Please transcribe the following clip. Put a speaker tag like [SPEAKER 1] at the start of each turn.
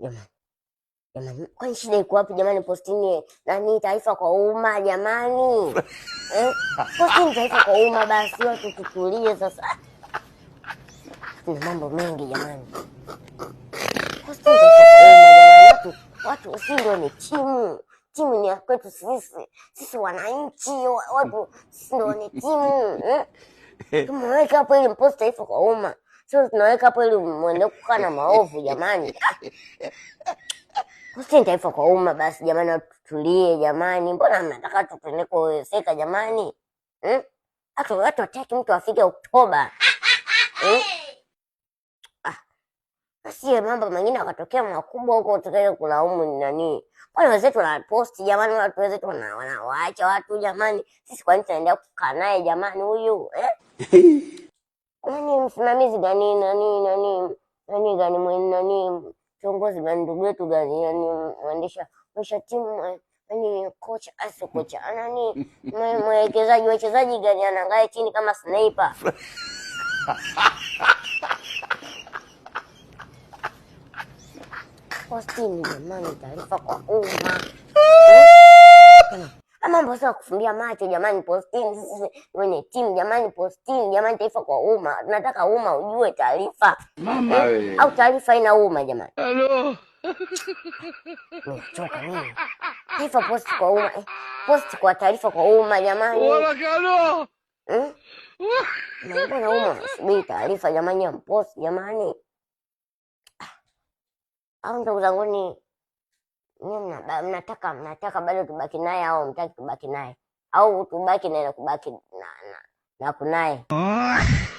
[SPEAKER 1] Jamani, jamani, kwani shida iko wapi jamani? Postini nani taifa kwa umma jamani, eh? Postini taifa kwa umma basi, watu tutulie sasa. Ni mambo mengi jamani, watu watu ndio ni timu timu ni ya kwetu sisi, sisi wananchi, watu ndio ni timu eh? Tumeweka hapo ili mposti taifa kwa umma sio tunaweka hapo ili mwende kukaa na maovu jamani. Kusini taifa kwa umma basi jamani, watutulie jamani, mbona mnataka seka jamani? Hmm? Hata watu wataki mtu afike Oktoba hmm? Ah, basi mambo mengine akatokea makubwa huko, tukaje kulaumu nani? Kwani wenzetu post jamani, watu wenzetu wanawaacha watu jamani, sisi kwani tunaendelea kukaa naye jamani huyu eh? msimamizi gani nani nani nani gani mwenye nani kiongozi gani ndugu yetu gani yani mwendesha mwisha timu yani kocha aso kocha anani mwekezaji wachezaji gani anangaye chini kama sniper Postini jamani, taarifa kwa umma kosa wa kufumbia macho jamani, postini, sisi wenye timu jamani, postini jamani, taifa kwa umma. Tunataka umma ujue taarifa au taarifa ina umma jamani.
[SPEAKER 2] Hello.
[SPEAKER 1] Nimechoka mimi. Taifa post kwa umma, eh, post kwa taarifa kwa umma jamani.
[SPEAKER 2] Wala kalo. Hmm?
[SPEAKER 1] Eh? Mbona umma subiri taarifa jamani ya post jamani. Ah. Au ndugu zangu ni mnataka mnataka bado tubaki naye au mtaki tubaki naye au tubaki naye na kubaki na na, na kunaye ah!